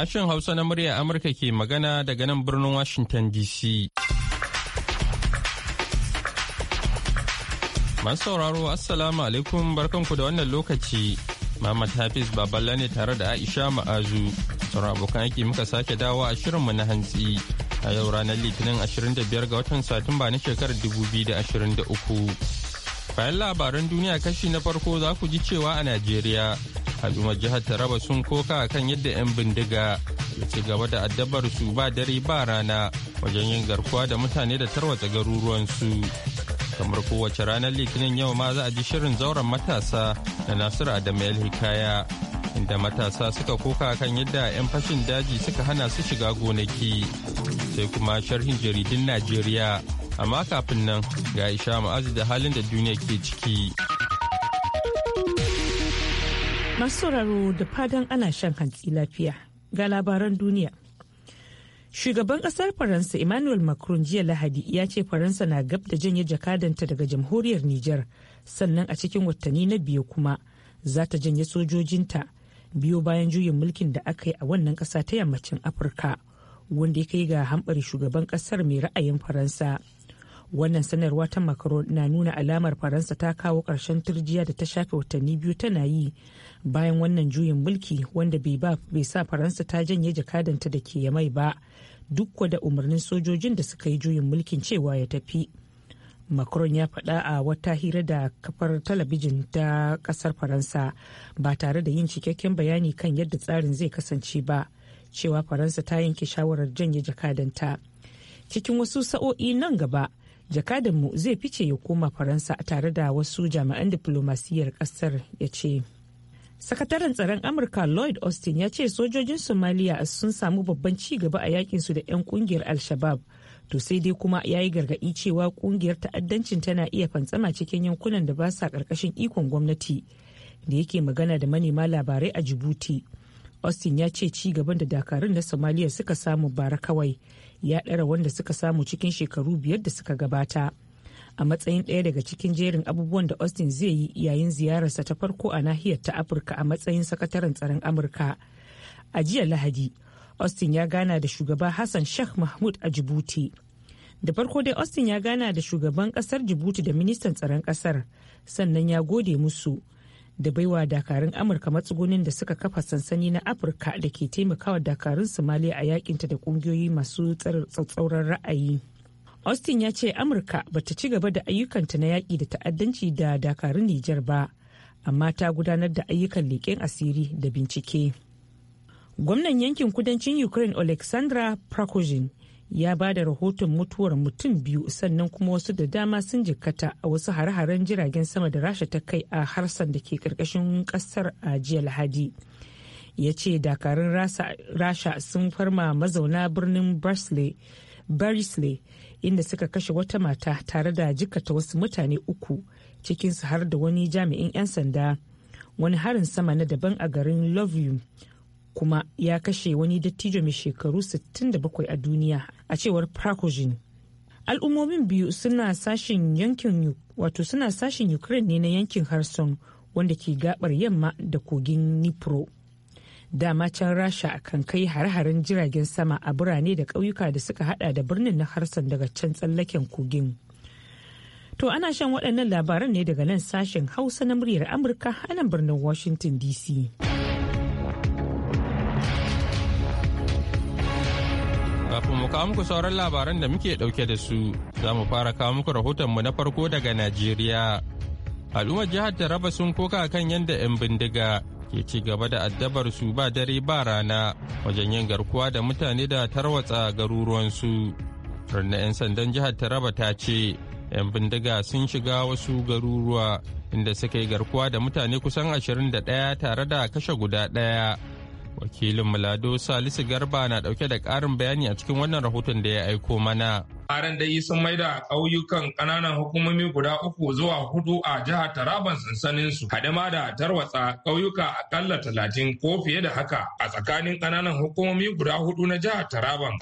Sashen Hausa na murya Amurka ke magana daga nan birnin Washington DC. Masu sauraro Assalamu alaikum barkanku da wannan lokaci. Muhammad Hafiz Baballa ne tare da Aisha Ma'azu. Sauran abokan aiki muka sake dawo a shirinmu na hantsi. A yau ranar Litinin 25 ga watan Satumba na shekarar 2023. Bayan labaran duniya kashi na farko za ku ji cewa a Najeriya al'ummar jihar taraba sun koka kan yadda 'yan bindiga da ci gaba da addabar su ba dare ba rana wajen yin garkuwa da mutane da tarwatsa garuruwansu kamar kowace ranar litinin yau ma za a ji shirin zauren matasa da nasiru adamu hikaya inda matasa suka koka kan yadda 'yan fashin daji suka hana su shiga gonaki sai kuma sharhin jaridun najeriya amma kafin nan ga isha ma'azu da halin da duniya ke ciki. Masu sauraro da fadan ana shan hantsi lafiya ga labaran duniya. Shugaban kasar Faransa Emmanuel Macron jiya Lahadi ya ce Faransa na gab da janye jakadanta daga jamhuriyar niger sannan a cikin watanni na biyu kuma za ta janye sojojinta biyu bayan juyin mulkin da aka yi a wannan kasa ta yammacin Afirka wanda ya kai ga hambari shugaban kasar mai ra'ayin Faransa. Wannan sanarwa ta Macron na nuna alamar Faransa ta kawo ƙarshen turjiya da ta shafe watanni biyu tana yi bayan wannan juyin mulki wanda bai sa faransa ta janye jakadanta da ke mai ba duk da umarnin sojojin da suka yi juyin mulkin cewa ya tafi macron ya faɗa a wata hira da kafar talabijin ta ƙasar faransa ba tare da yin cikakken bayani kan yadda tsarin zai kasance ba cewa faransa ta yanke shawarar janye jakadanta cikin wasu sa'o'i nan gaba jakadanmu zai fice ya koma faransa tare da wasu jami'an diflomasiyyar ƙasar ya ce sakataren tsaron amurka lloyd austin ya ce sojojin somaliya sun samu babban ci gaba a yakinsu da 'yan kungiyar al-shabab to sai dai kuma ya yi gargaɗi cewa kungiyar ta'addancin tana iya fantsama cikin yankunan da ba sa ƙarƙashin ikon gwamnati da yake magana da manema labarai a jibuti austin ya ce ci gaban da dakarun na somaliya suka samu bara kawai ya ɗara wanda suka samu cikin shekaru biyar da suka gabata. a matsayin ɗaya daga cikin jerin abubuwan da Austin zai yi yayin ziyararsa ta farko a nahiyar ta Afirka a matsayin sakataren tsaron Amurka. A jiya Lahadi, Austin ya gana da shugaba Hassan Sheikh Mahmud a Jibuti. Da farko dai Austin ya gana da shugaban ƙasar Jibuti da ministan tsaron ƙasar sannan ya gode musu da baiwa dakarun Amurka matsugunin da suka kafa sansani na Afirka da ke taimakawa dakarun Somalia a yakinta da ƙungiyoyi masu tsatsauran ra'ayi. Austin ya ce Amurka bata ci gaba da ayyukanta na yaƙi da ta'addanci da dakarun Nijar ba, amma ta gudanar da ayyukan leƙen asiri da bincike. Gwamnan yankin kudancin Ukraine Alexandra Prokoshin ya ba da rahoton mutuwar mutum biyu sannan kuma wasu da dama sun jikkata a wasu hare-haren jiragen sama da rasha ta kai a harsan da ke karkashin kasar a jiya lahadi ya ce dakarun rasha sun farma mazauna birnin barisley inda suka kashe wata mata tare da jikata wasu mutane uku cikinsu har da wani jami'in 'yan sanda wani harin sama na daban a garin Love kuma ya kashe wani dattijo mai shekaru 67 a duniya a cewar prakogin Al'ummomin biyu suna sashin yankin wato suna sashin Ukraine ne na yankin harson wanda ke gabar yamma da kogin Nipro. dama can rasha kan kai hare haren jiragen sama a birane da ƙauyuka da suka hada da birnin na harsan daga can tsallaken kogin to ana shan waɗannan labaran ne daga nan sashen hausa na muryar amurka a nan birnin washington dc kafin mu kawo muku sauran labaran da muke ɗauke da su za mu fara kawo muku rahotonmu na farko daga najeriya al'ummar jihar taraba sun koka kan yadda 'yan bindiga ke ci gaba da addabar su ba dare ba rana wajen yin garkuwa da mutane da tarwatsa garuruwansu. rana 'yan sandan jihar Taraba ta ce 'yan bindiga sun shiga wasu garuruwa inda suka yi garkuwa da mutane kusan 21 tare da kashe guda ɗaya. Wakilin Mulado Salisu Garba na ɗauke da ƙarin bayani a cikin wannan rahoton da ya aiko mana. Haran dai sun maida ƙauyukan ƙananan hukumomi guda uku zuwa hudu a jihar Taraban sansaninsu, hade ma da tarwatsa ƙauyuka aƙalla talatin ko fiye da haka a tsakanin ƙananan hukumomi guda hudu na jihar Taraban.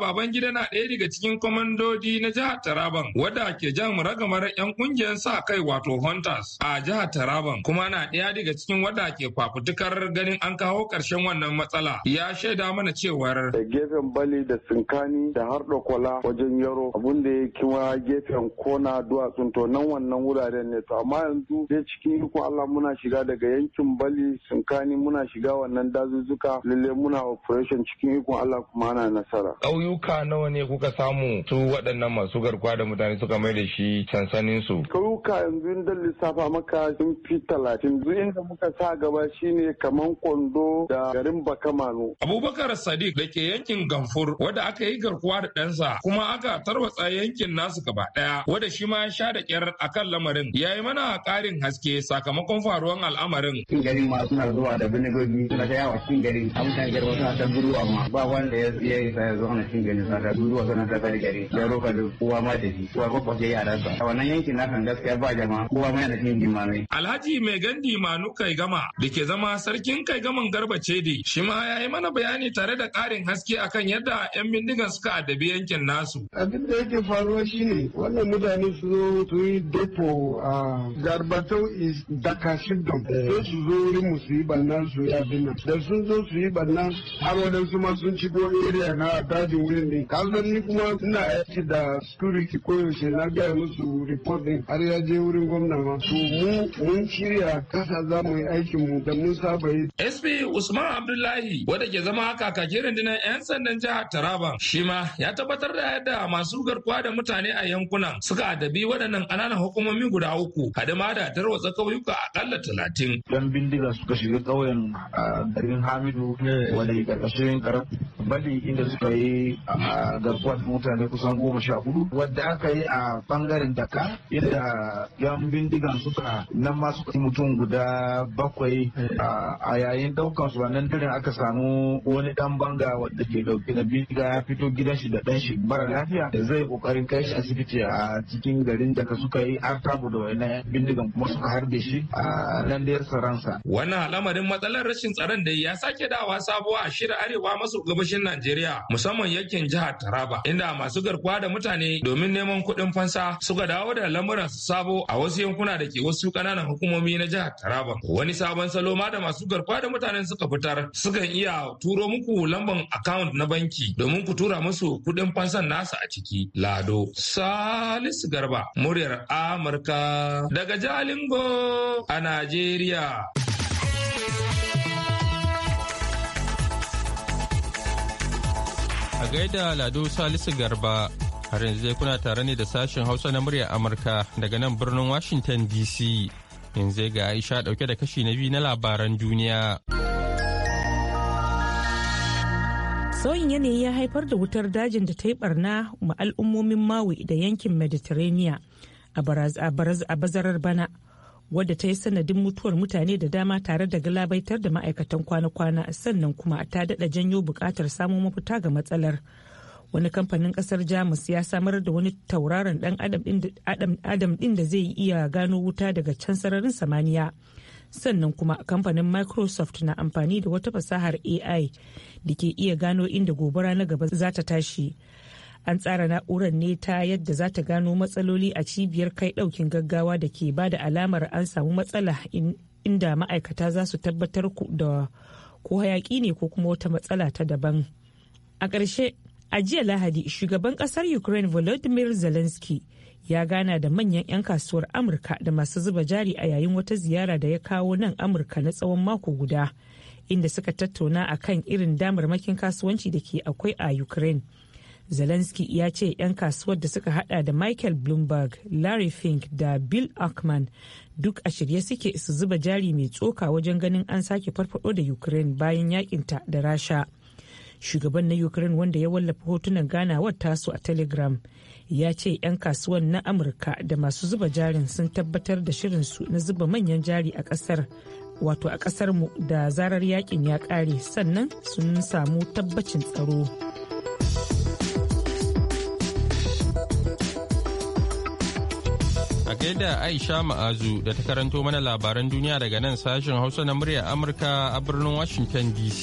baban gida na ɗaya daga cikin kwamandodi na jihar Taraban wadda ke jan ragamar 'yan ƙungiyar sa kai wato Hunters a jihar Taraban kuma na ɗaya daga cikin wadda ke fafutukar ganin an kawo ƙarshen wannan matsala ya shaida mana cewar. Da gefen Bali da Sinkani da har dokola wajen yaro abun da ya kima gefen kona duwatsun to nan wannan wuraren ne to amma yanzu dai cikin iko Allah muna shiga daga yankin Bali Sunkani muna shiga wannan dazuzzuka lalle muna operation cikin iko Allah kuma ana nasara. Ƙauyuka nawa ne kuka samu su waɗannan masu garkuwa da mutane suka mai da shi sansanin su. Ƙauyuka yanzu in lissafa maka sun fi talatin yanzu inda muka sa gaba shine kaman kwando da garin Bakamano. Abubakar Sadiq da ke yankin Gamfur wadda aka yi garkuwa da ɗansa kuma aka a tarwatsa yankin nasu gaba daya wanda shi ma ya sha da kyar akan lamarin yayi mana karin haske sakamakon faruwan al'amarin cikin gari ma suna zuwa da binigogi suna ta yawa cikin gari a mutane gari suna ta a ma ba wanda ya yi ya zo na cikin gari suna ta guduwa suna ta bari gari ya roka da kowa ma da shi kowa ya rasa a wannan yankin na kan gaskiya ba jama'a kowa ma yana cikin jimamai alhaji mai gandi manu kai gama da ke zama sarkin kai gaman garba cedi shi ma ya yi mana bayani tare da karin haske akan yadda yan bindigan suka addabi yankin nasu abin da yake faruwa shine wannan mutane su zo su yi depo a garbatau is daka shidon eh. sai su zo yi musu yi bannan su yi abin nan da sun zo su yi bannan har waɗansu ma sun ci area na dajin wurin ne kalmar ni kuma suna aiki da security koyaushe na gaya musu report har ya je wurin gwamna ma to mu mun shirya kasa za mu yi aikin mu da mun saba yi. SP Usman Abdullahi wanda ke zama kakakin rundunar 'yan sandan jihar Taraba shi ma ya tabbatar da yadda yadda masu garkuwa da mutane a yankunan suka adabi waɗannan ƙananan hukumomi guda uku hadima da tarwatsa ƙauyuka aƙalla talatin. Dan bindiga suka shiga ƙauyen garin Hamidu wanda ƙarƙashin ƙarar bali inda suka yi garkuwa da mutane kusan goma sha hudu wadda aka yi a ɓangaren daka inda yan bindigan suka nan ma suka mutum guda bakwai a yayin ɗaukan su nan daren aka samu wani ɗan banga wadda ke ɗauke da bindiga ya fito gidan shi da ɗan shi mara lafiya lafiya zai kokarin kai shi asibiti a cikin garin da ka suka yi an tabu da wani bindigan kuma suka harbe shi a nan da yarsa ransa wannan al'amarin matsalar rashin tsaron da ya sake dawa sabuwa a shirin arewa maso gabashin Najeriya musamman yankin jihar Taraba inda masu garkuwa da mutane domin neman kuɗin fansa suka dawo da lamuran su sabo a wasu yankuna da ke wasu ƙananan hukumomi na jihar Taraba wani sabon salo ma da masu garkuwa da mutanen suka fitar sukan iya turo muku lambar account na banki domin ku tura musu kuɗin fansan nasu a ciki. Lado Salisu Garba, muryar Amurka daga Jalingo a Najeriya. A gaida Lado Salisu Garba, har yanzu zai kuna tare ne da sashen Hausa na muryar Amurka daga nan birnin Washington DC. Yanzu ga Aisha dauke da kashi na biyu na labaran duniya. sauyin yanayi ya haifar da wutar dajin da ta yi barna ma al'ummomin mawi da yankin mediterranean a bazarar bana wadda ta yi sanadin mutuwar mutane da dama tare da galabaitar da ma'aikatan kwana-kwana sannan kuma ta daɗa janyo buƙatar samun mafita ga matsalar wani kamfanin ƙasar jamus ya samar da wani tauraron ɗan adam ɗin da zai iya gano wuta daga can sararin samaniya sannan kuma kamfanin microsoft na amfani da wata fasahar ai da ke iya gano inda gobara na gaba za ta tashi an tsara na'urar ne ta yadda za ta gano matsaloli a cibiyar kai daukin gaggawa da ke ba da alamar an samu matsala inda ma'aikata za su tabbatar da ko hayaki ne ko kuma wata matsala ta daban a ƙarshe a jiya lahadi shugaban ƙasar ukraine volodymyr zelensky ya gana da manyan 'yan kasuwar amurka da masu zuba jari a yayin wata ziyara da ya kawo nan amurka na tsawon mako guda inda suka tattauna a kan irin damarmakin kasuwanci da ke akwai a ukraine zelensky ya ce 'yan kasuwar da suka hada da michael bloomberg larry fink da bill ackman duk a shirye suke su zuba jari mai tsoka wajen ganin an sake farfado da ukraine bayan yakinta da rasha. shugaban na ukraine wanda ya wallafa hotunan ganawar tasu a telegram ya ce 'yan kasuwan na amurka da masu zuba jarin sun tabbatar da shirinsu na zuba manyan jari a kasar wato a kasar mu da zarar yakin ya kare sannan sun samu tabbacin tsaro a gaida aisha ma'azu da ta karanto mana labaran duniya daga nan sashen hausa na murya amurka a birnin washington dc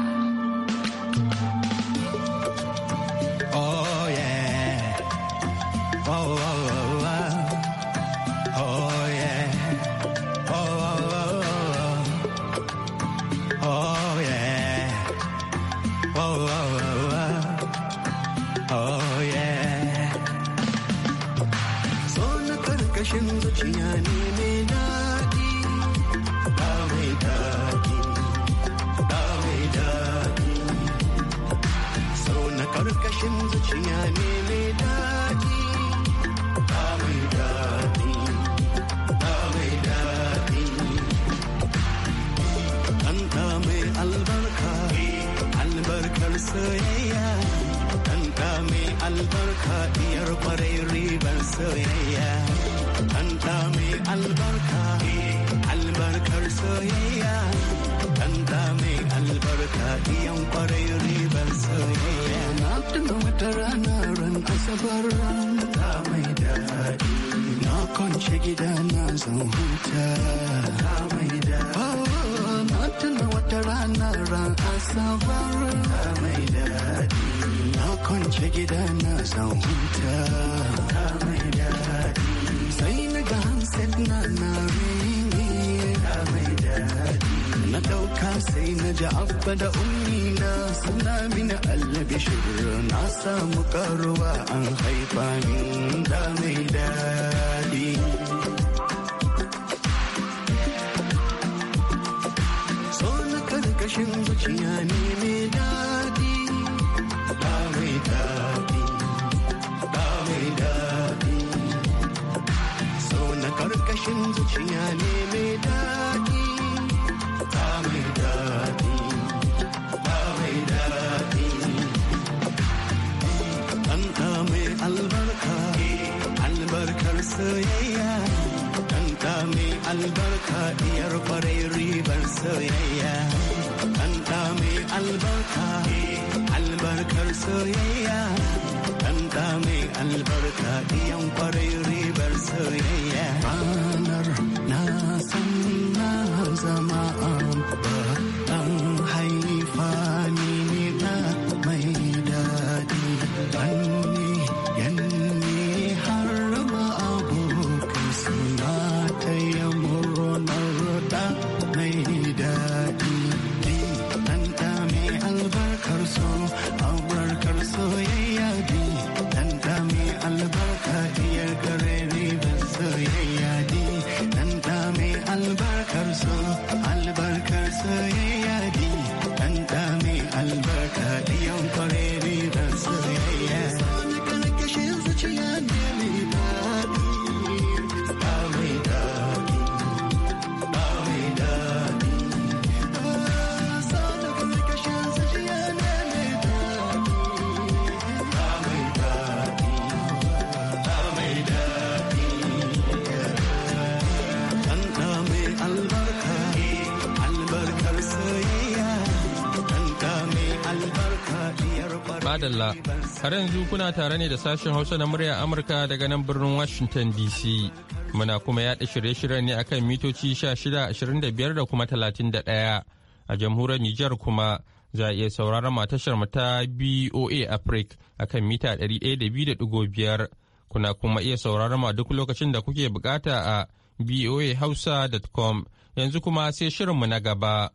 tabarran ta mai daɗi na kwance gida na zan huta mai daɗi ah, na tuna wata rana ran asabar ta mai daɗi na kwance gida na zan huta ta mai daɗi sai na ga hanset na na rini mai daɗi na ɗauka sai na ji abba da ummina suna mini allabi shiru na samu karuwa an haifa min da mai daɗi so na karkashin zuciya ne mai daɗi da mai daɗi da mai daɗi so na karkashin zuciya ne mai daɗi albarka diyar kwarai ribar soyayya ɗan ɗa mai albarka albarkar soyayya ɗan mai albarka diyan kwarai ribar soyayya yeah. Har yanzu kuna tare ne da sashen Hausa na murya Amurka daga nan birnin Washington DC. Muna kuma yaɗa shirye-shiryen ne akan mitoci 1625 da kuma 31 a jamhuriyar Nijar kuma za a iya sauraron matashar ta BOA Africa akan mita 102.5 kuna kuma iya sauraron ma duk lokacin da kuke bukata a boahausa.com yanzu kuma sai shirinmu na gaba.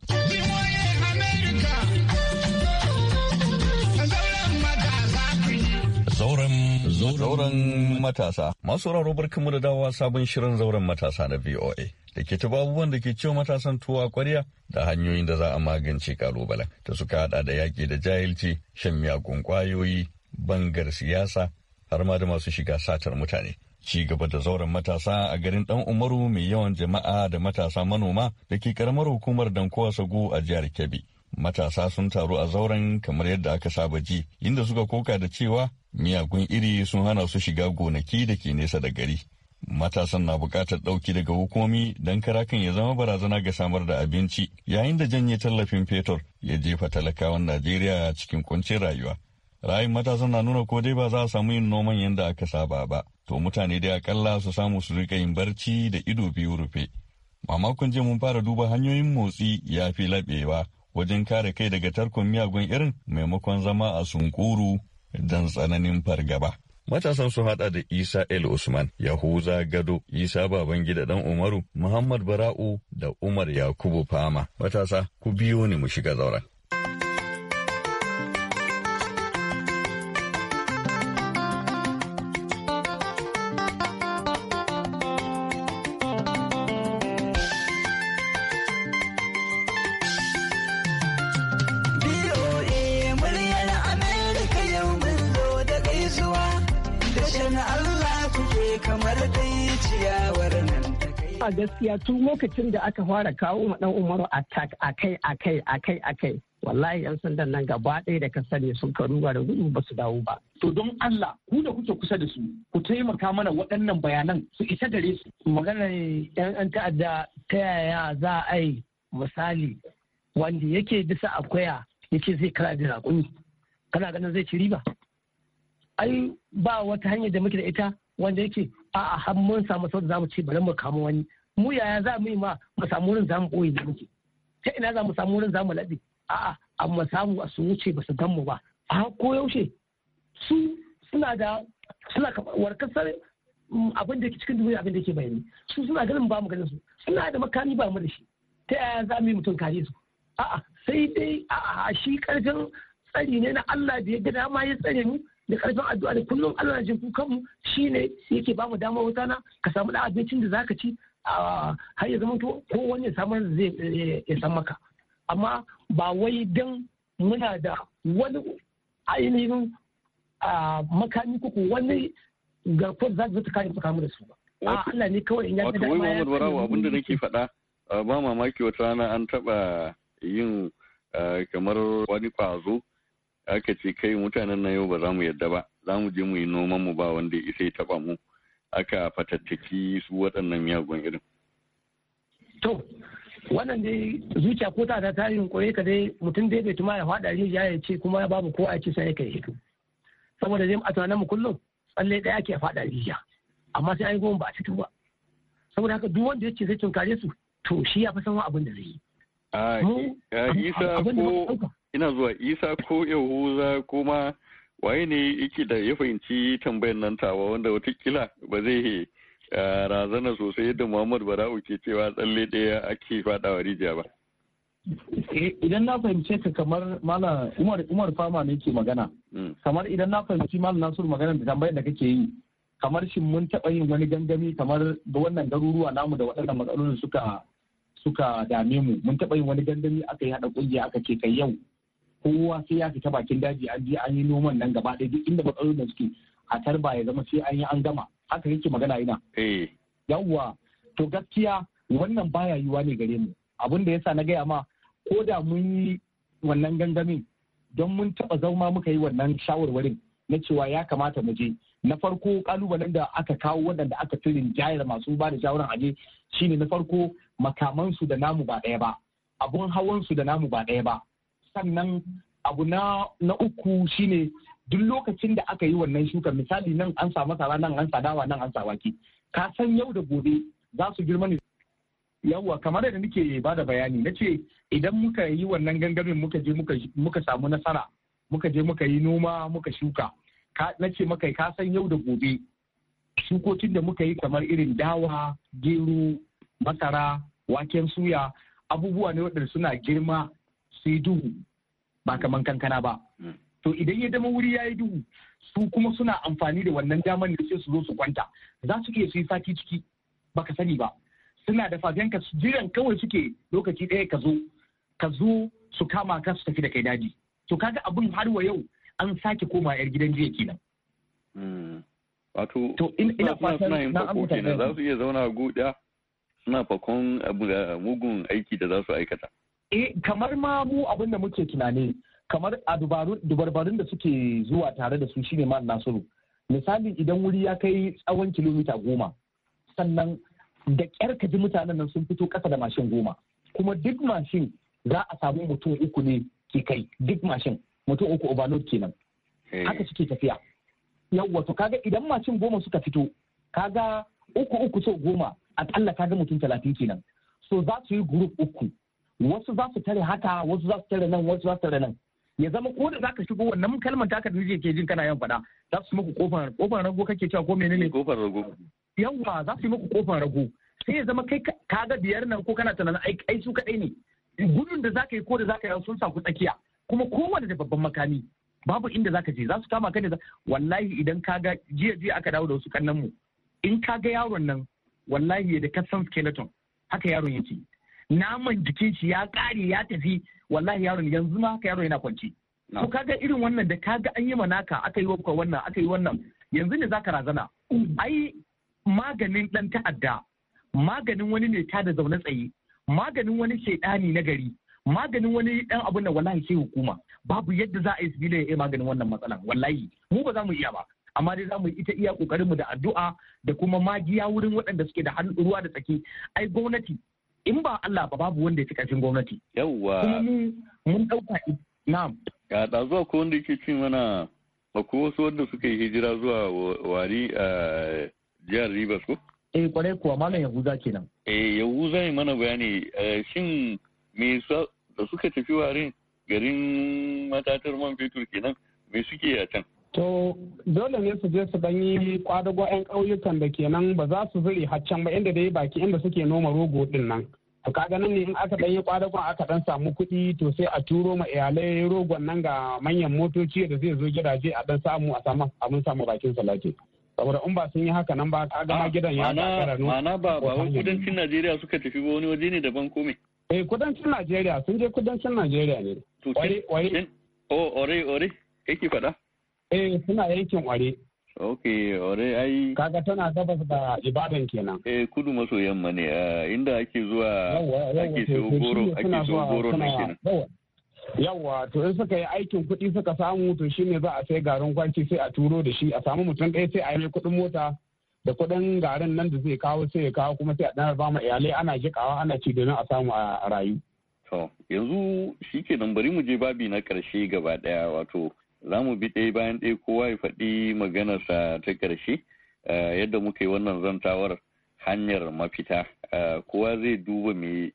Zauren matasa. Masu raro barkanmu da dawowa sabon shirin zauren matasa na VOA. Da ke taba abubuwan da ke ciwo matasan tuwa kwarya da hanyoyin da za a magance kalubalen da suka hada da yaƙi da jahilci, shan miyagun kwayoyi, bangar siyasa, har ma da masu shiga satar mutane. Ci gaba da zauren matasa a garin Dan Umaru mai yawan jama'a da matasa manoma da ke karamar hukumar Dankowa Sagu a jihar Kebbi. matasa sun taru a zauren kamar yadda aka saba ji inda suka koka da cewa miyagun iri sun hana su shiga gonaki da ke nesa da gari matasan na bukatar ɗauki daga hukumi don karakan ya zama barazana ga samar da abinci yayin da janye tallafin fetur ya jefa talakawan najeriya cikin kuncin rayuwa rayin matasan na nuna ko dai ba za a samu yin noman yadda aka saba ba to mutane dai akalla su samu su rika yin barci da ido biyu rufe mamakon je mun fara duba hanyoyin motsi ya fi laɓewa wajen kare kai daga tarkon miyagun irin maimakon zama a sunkuru don tsananin fargaba. Matasan su hada da Isa El Usman, Yahuza Gado, Isa Babangida Dan Umaru, Muhammad Bara'u da Umar Yakubu Fama. Matasa, ku biyo ni mu shiga zauren. gaskiya tun lokacin da aka fara kawo ma dan umaru attack akai akai akai akai wallahi yan sandan nan gaba ɗaya da ka sani sun karuwa da gudu ba su dawo ba. To don Allah ku da kuke kusa da su ku taimaka mana waɗannan bayanan su ita gare su. Maganar yan ta'adda ta yaya za a yi misali wanda yake bisa akwaya yake zai kara da raƙumi kana ganin zai ci riba. Ai ba wata hanyar da muke da ita wanda yake a'a har mun samu za mu ce bari mu kama wani mu yaya za mu yi ma mu samu wurin zamu boye da muke ta ina za mu samu wurin zamu laɗe a'a amma samu a su wuce ba su gan mu ba a ko yaushe su suna da suna warkasar mm, abin da ke cikin duniya abin da ke bayani su suna ganin ba mu ganin su suna da makami ba mu da shi ta yaya za mu yi mutum kare su a'a sai dai a'a shi karfin tsari ne na Allah da ya ga dama ya tsare mu da karfin addu'a da kullum Allah na jin kukan mu shine yake ba mu damar wuta ka samu da abincin da zaka ci har ya zama to ko wani samar zai ya san maka amma ba wai don muna da wani ainihin makami ko wani garkuwar za ta kare makamu da su ba Allah ne kawai in ya da dama ya wato abinda nake faɗa ba mamaki wata rana an taba yin kamar wani kwazo aka ce kai mutanen na yau ba za mu yadda ba za mu je mu yi noman mu ba wanda isa ya taba mu aka fatattaki su waɗannan miyagun irin. To, wannan dai zuciya ko ta ta yi kore ka dai mutum dai bai tuma ya faɗa ne ya ce kuma babu ko a ce sai kai hito. Saboda zai a tunanin mu kullum tsalle ɗaya ke faɗa rijiya amma sai an yi goma ba a fito ba. Saboda haka duk wanda ya ce zai tunkare su to shi ya fi san abin da zai yi. A isa ko ina zuwa isa ko yahuza kuma waye ne yake da ya fahimci tambayar nan tawa wanda watakila ba zai eh, razana sosai yadda muhammad bara'u ke cewa tsalle ɗaya ake faɗawa rijiya ba eh, idan na fahimce ka kamar mala umar umar fama ne ke magana hmm. kamar idan na fahimci mala nasur magana da tambayar da kake yi kamar shin mun taɓa yin wani gangami kamar da wannan garuruwa namu da waɗannan matsalolin suka suka dame mu mun taɓa yin wani gangami aka yi haɗa ƙungiya aka ce kai yau kowa sai ya fita bakin daji an je an yi noman nan gaba ɗaya duk inda matsalolin da suke a tarba ya zama sai an yi an gama haka yake magana ina eh. yawwa to gaskiya wannan baya yiwa ne gare mu abin da yasa na gaya ma ko da mun yi wannan gangamin don mun taɓa zama muka yi wannan shawarwarin na cewa ya kamata mu je na farko kalubalen da aka kawo waɗanda aka fi jayar masu ba da shawaran aje shine na farko makamansu da namu ba ɗaya ba abun hawansu da namu ba ɗaya ba sannan abu na uku shine duk lokacin da aka yi wannan shuka. misali nan an sa masara nan an sa dawa nan an sa wake ka san yau da gobe za su girma ne yawwa kamar yadda nake ba da bayani na ce idan muka yi wannan gangamin muka je muka samu nasara muka je muka yi noma muka shuka na ce maka ka san yau da gobe shukocin da muka yi kamar irin dawa gero masara waken suya abubuwa ne waɗanda suna girma sai duhu ba kaman kankana ba hmm. to idan ya dama wuri ya yi duhu su kuma suna amfani da wannan daman da sai su zo su kwanta za su iya su yi sati ciki ba ka sani ba suna da fagen ka jiran kawai suke lokaci ɗaya ka zo ka zo su kama ka su tafi da kai daji to kaga abin har wa yau an sake koma yar gidan jiya kenan hmm. wato to ina fatan na amfani za su iya zauna guda suna fakon eh, mugun aiki da za su aikata Eh, kamar ma mu abin da muke tunani kamar a dubarbarin da suke zuwa tare da su shine ma nasiru misali idan wuri ya kai tsawon kilomita goma sannan da ƙyar ka ji mutanen nan sun fito kasa da mashin goma kuma duk mashin za a samu mutum uku ne ke kai duk mashin mutum uku overload kenan eh. haka suke tafiya yawwa to kaga idan mashin goma suka fito kaga uku uku so goma akalla kaga mutum talatin kenan so za su yi group uku wasu za su tare haka wasu za su tare nan wasu za su tare nan ya zama ko da zaka shigo wannan kalmar taka da ke jin kana yan fada za su muku kofar kofar rago kake cewa ko menene kofar eh, rago yawa za su yi muku kofar rago sai ya zama kai ka ga biyar nan ko kana tunanin ai su kadai ne gudun da zaka yi ko da zaka yi sun saku tsakiya kuma kowanne da babban makami babu inda zaka je za su kama ka ne wallahi idan ka ga jiya jiya aka dawo da wasu kannan mu in ka ga yaron nan wallahi da kasan skeleton haka yaron yake naman jikin shi ya kare ya tafi wallahi yaron yanzu ma haka yaro yana kwance ko kaga irin wannan da kaga an yi manaka aka yi wakwa wannan aka yi wannan yanzu ne zaka razana ai maganin dan ta'adda maganin wani ne ta da zaune tsaye maganin wani shedani na gari maganin wani dan abun da wallahi sai hukuma babu yadda za a yi sibila ya maganin wannan matsalan wallahi mu ba za mu iya ba amma dai za mu ita iya kokarin mu da addu'a da kuma magiya wurin waɗanda suke da hannu ruwa da tsaki ai gwamnati in ba Allah ba babu wanda ya fi ƙarfin gwamnati. Yawwa. mun ɗauka na'am. Ga ɗazu ko wanda yake cin mana akwai wasu wanda suka yi hijira zuwa wari a jihar Rivers ko? Eh kwarai kuwa malam Yahuza kenan. Eh Yahuza yi mana bayani eh, shin me da suka tafi warin garin matatar man fetur kenan me suke yi a can? To dole ne su je su dan yi kwadago 'yan ƙauyukan da kenan ba za su zuri haccan ba inda dai baki inda suke noma rogo din nan. To ka ganin ne in aka dan yi kwadagon aka ɗan samu kuɗi to sai a turo ma iyalai rogon nan ga manyan motoci da zai zo gidaje a ɗan samu a samu abin samu bakin salati. saboda in ba sun yi haka nan ba ka gama ah, gidan ya kakara nuna. Ma'ana ba ba wai kudancin Najeriya suka tafi ba wani waje ne daban ko me? Eh kudancin Najeriya sun je kudancin Najeriya ne. Ware ware. Oh ore ore ki faɗa. eh suna yankin ware ok ware ai kaga tana gabas da ibadan kenan eh kudu maso yamma ne inda ake zuwa ake siyo goro ake siyo na kenan yawwa to in suka yi aikin kuɗi suka samu to shi ne za a sai garin kwanci sai a turo da shi a samu mutum ɗaya sai a yi kuɗin mota da kuɗin garin nan da zai kawo sai ya kawo kuma sai a ɗan ba ma iyalai ana jiƙawa ana ci domin a samu a rayu. to yanzu shi nan bari mu je babi na ƙarshe gaba ɗaya wato za mu bi ɗaya bayan ɗaya kowa ya faɗi maganarsa ta ƙarshe eh, yadda muka yi wannan zantawar hanyar mafita eh, kowa zai duba me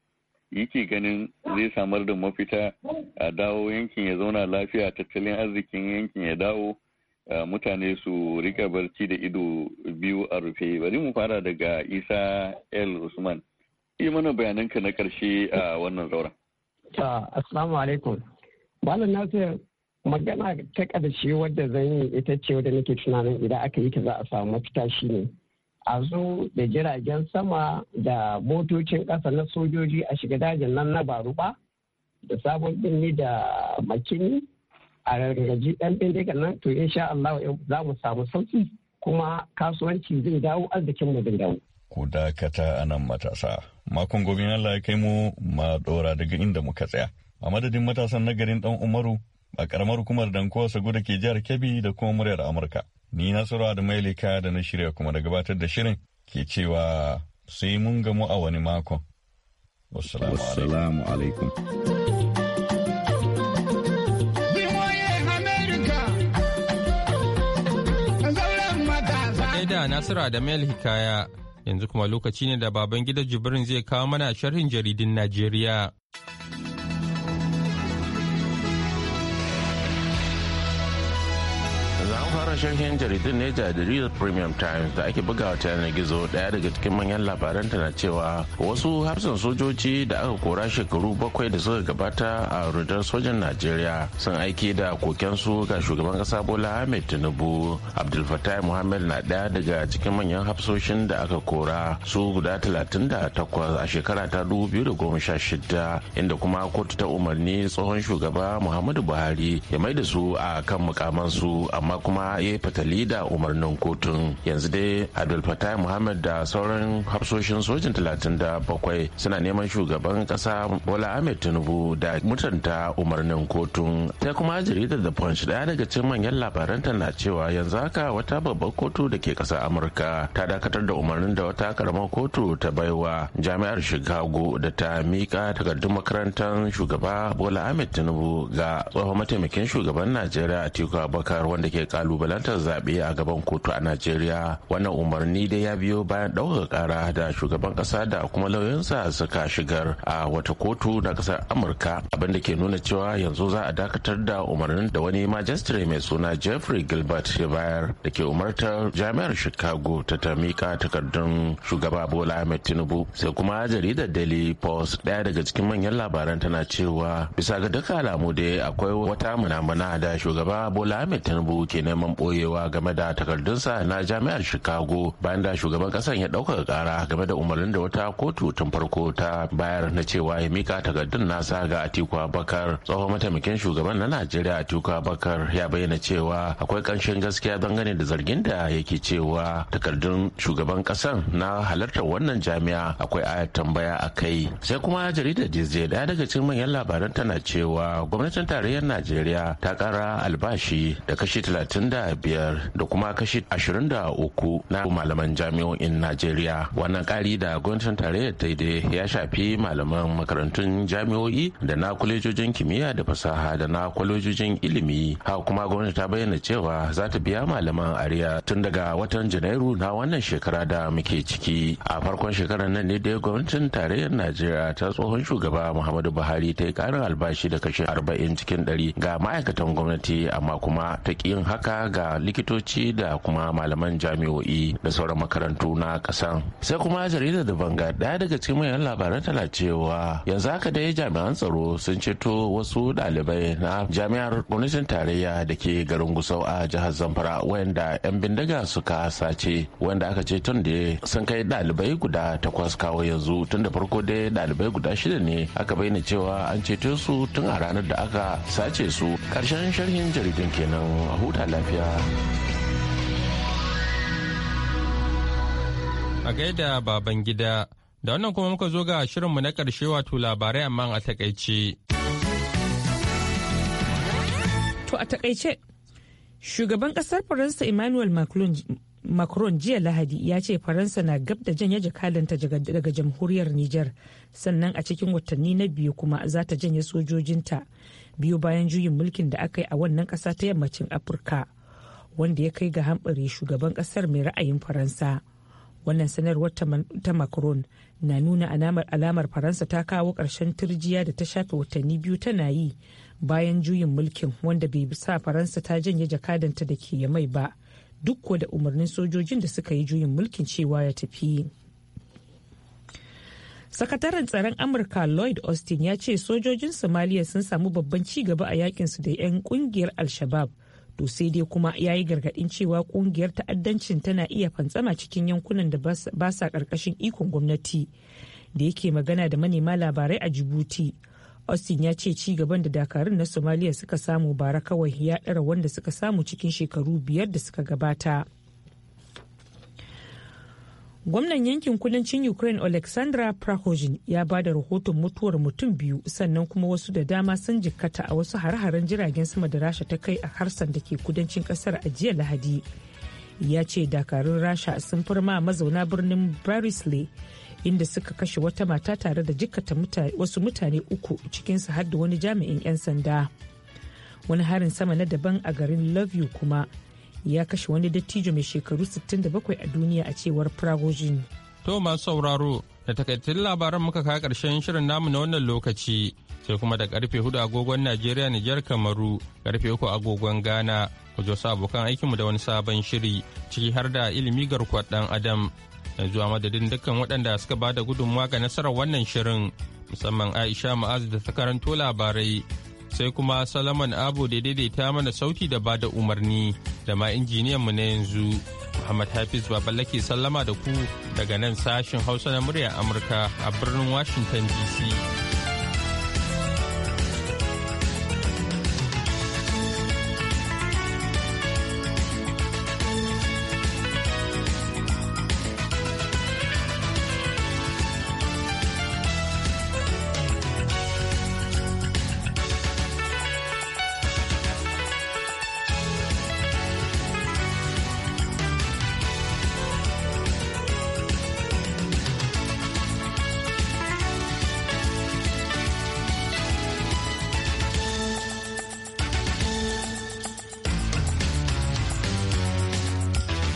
yake ganin zai samar da mafita a dawo yankin ya zauna lafiya tattalin arzikin yankin ya dawo eh, mutane su rika barci da ido biyu a rufe bari mu fara daga isa el usman yi mana bayananka na ƙarshe a wannan zauren. assalamu alaikum malam nasir magana ta ƙarshe wadda zan yi ita ce wadda nake tunanin idan aka yi ta za a samu mafita shi ne a zo da jiragen sama da motocin ƙasa na sojoji a shiga dajin nan na baruba da sabon birni da makini a rangaji ɗan bindiga nan to insha Allah za mu samu sauki kuma kasuwanci zai dawo arzikin mu zai dawo. Ku dakata a nan matasa. Makon gobe Allah ya kai mu ma ɗora daga inda muka tsaya. A madadin matasan nagarin garin ɗan Umaru a karamar hukumar dankosa guda ke jihar Kebbi da kuma muryar Amurka. Ni Nasiru da Mailika da na shirya kuma da gabatar da shirin ke cewa sai mun gamu a wani makon. Wassalamu alaikum. da Nasira da Mel Hikaya yanzu kuma lokaci ne da baban gida Jibrin zai kawo mana sharhin jaridin Najeriya. fara jaridun neja da real Premium Times da ake bugawa ta yanar gizo daya daga cikin manyan labaran na cewa wasu hafsan sojoji da aka kora shekaru bakwai da suka gabata a rundunar sojan Najeriya sun aiki da kokensu ga shugaban kasa Bola Ahmed Tinubu. Abdul Fattah Muhammad na daya daga cikin manyan hafsoshin da aka kora su guda talatin da 38 a shekara ta shida inda kuma kotu ta umarni tsohon shugaba Muhammadu Buhari ya mai da su a kan mukamansu amma kuma ya yi fitali da umarnin kotun yanzu dai abdul fatah muhammad da sauran hafsoshin sojin 37 suna neman shugaban kasa bola ahmed tinubu da mutunta umarnin kotun ta kuma jaridar da punch daya daga cikin manyan labaranta na cewa yanzu haka wata babbar kotu da ke kasar amurka ta dakatar da umarnin da wata karamar kotu ta baiwa jami'ar chicago da ta mika takardun makarantar shugaba bola ahmed tinubu ga tsohon mataimakin shugaban najeriya atiku abubakar wanda ke kalubale kalubalantar zaɓe a gaban kotu a najeriya wannan umarni dai ya biyo bayan ɗaukaka ƙara da shugaban ƙasa da kuma lauyansa suka shigar a wata kotu na ƙasar amurka abinda ke nuna cewa yanzu za a dakatar da umarnin da wani majistare mai suna jeffrey gilbert ya bayar da ke umartar jami'ar chicago ta ta miƙa takardun shugaba bola ahmed tinubu sai kuma jaridar daily post ɗaya daga cikin manyan labaran tana cewa bisa ga duka alamu dai akwai wata munamuna da shugaba bola ahmed tinubu ke neman boyewa game da takardunsa na jami'ar chicago bayan da shugaban kasan ya ɗaukaka kara game da umarnin da wata kotu tun farko ta bayar na cewa ya mika takardun nasa ga atiku abakar tsohon mataimakin shugaban na najeriya atiku abakar ya bayyana cewa akwai ƙanshin gaskiya dangane da zargin da yake cewa takardun shugaban kasan na halartar wannan jami'a akwai ayar tambaya a kai sai kuma jaridar dj daya daga cikin manyan labaran tana cewa gwamnatin tarayyar najeriya ta kara albashi da kashi talatin da biyar da kuma kashi ashirin da uku na malaman jami'o'in najeriya wannan ƙari da gwamnatin tarayyar ta ya shafi malaman makarantun jami'o'i da na kwalejojin kimiyya da fasaha da na kwalejojin ilimi ha kuma gwamnati ta bayyana cewa za ta biya malaman ariya tun daga watan janairu na wannan shekara da muke ciki a farkon shekarar nan ne dai gwamnatin tarayyar najeriya ta tsohon shugaba muhammadu buhari ta yi karin albashi da kashi arba'in cikin ɗari ga ma'aikatan gwamnati amma kuma ta ƙin yin haka ga da likitoci da kuma malaman jami'o'i da sauran makarantu na kasan sai kuma jaridar da banga daya daga cikin manyan labaran tana cewa yanzu haka dai jami'an tsaro sun ceto wasu dalibai na jami'ar gwamnatin tarayya da ke garin gusau a jihar zamfara wayanda 'yan bindiga suka sace wanda aka ce tun da sun kai dalibai guda takwas kawo yanzu tun da farko dai dalibai guda shida ne aka bayyana cewa an ceto su tun a ranar da aka sace su karshen sharhin jaridun kenan a huta lafiya A gaida baban gida, da wannan kuma muka zo ga shirinmu na karshe wato labarai amma a takaice. To a takaice, shugaban ƙasar Faransa Emmanuel Macron jiya Lahadi ya ce Faransa na gab da janye jakadanta daga jamhuriyar Nijar, sannan a cikin watanni na biyu kuma za ta janye sojojinta biyu bayan juyin mulkin da aka yi a wannan ƙasa ta yammacin Afirka. wanda ya kai ga hamɓari shugaban kasar mai ra'ayin faransa wannan sanarwar ta macron na nuna alamar faransa ta kawo ƙarshen turjiya da ta shafe watanni biyu tana yi bayan juyin mulkin wanda bai sa faransa ta janye jakadanta da ke mai ba duk da umarnin sojojin da suka yi juyin mulkin cewa ya tafi sakataren tsaron amurka lloyd austin ya ce sojojin somaliya sun samu babban ci gaba a yakinsu da 'yan kungiyar al-shabab to sai dai kuma ya yi gargaɗin cewa ƙungiyar ta'addancin tana iya fantsama cikin yankunan da ba sa ƙarƙashin ikon gwamnati da yake magana da manema labarai a jibuti austin ya ce ci gaban da dakarun na somaliya suka samu bara kawai ya ɗara wanda suka samu cikin shekaru biyar da suka gabata gwamnan yankin kudancin ukraine alexandra prahojin ya ba da rahoton mutuwar mutum biyu sannan kuma wasu da dama sun jikkata a wasu har haren jiragen sama da rasha ta kai a harsan da ke kudancin kasar a jiya lahadi ya ce dakarun rasha sun farma mazauna birnin barisle inda suka kashe wata mata tare da jikkata wasu mutane uku cikinsu har da wani jami'in 'yan sanda wani harin sama na daban a garin love you kuma ya kashe wani dattijo mai shekaru 67 a duniya a cewar pragojin to masu sauraro da takaitattun labaran muka kawo karshen shirin namu na wannan lokaci sai kuma da karfe hudu agogon najeriya nijar kamaru karfe uku agogon ghana ku jo abokan aikinmu da wani sabon shiri ciki har da ilimi garkuwar dan adam yanzu a madadin dukkan waɗanda suka ba da gudunmawa ga nasarar wannan shirin musamman aisha Ma'az da ta karanto labarai sai kuma Salaman Abu da daidaita mana sauti da bada umarni da ma injiniyanmu na yanzu. Muhammad Hafiz ke sallama da ku daga nan sashin Hausa na murya Amurka a birnin Washington DC.